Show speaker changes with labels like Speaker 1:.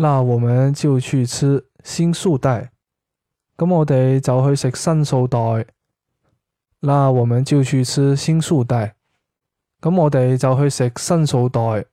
Speaker 1: 那我們就去吃新素代，咁我哋就去食新素代。那我們就去吃新素代，咁我哋就去食新素代。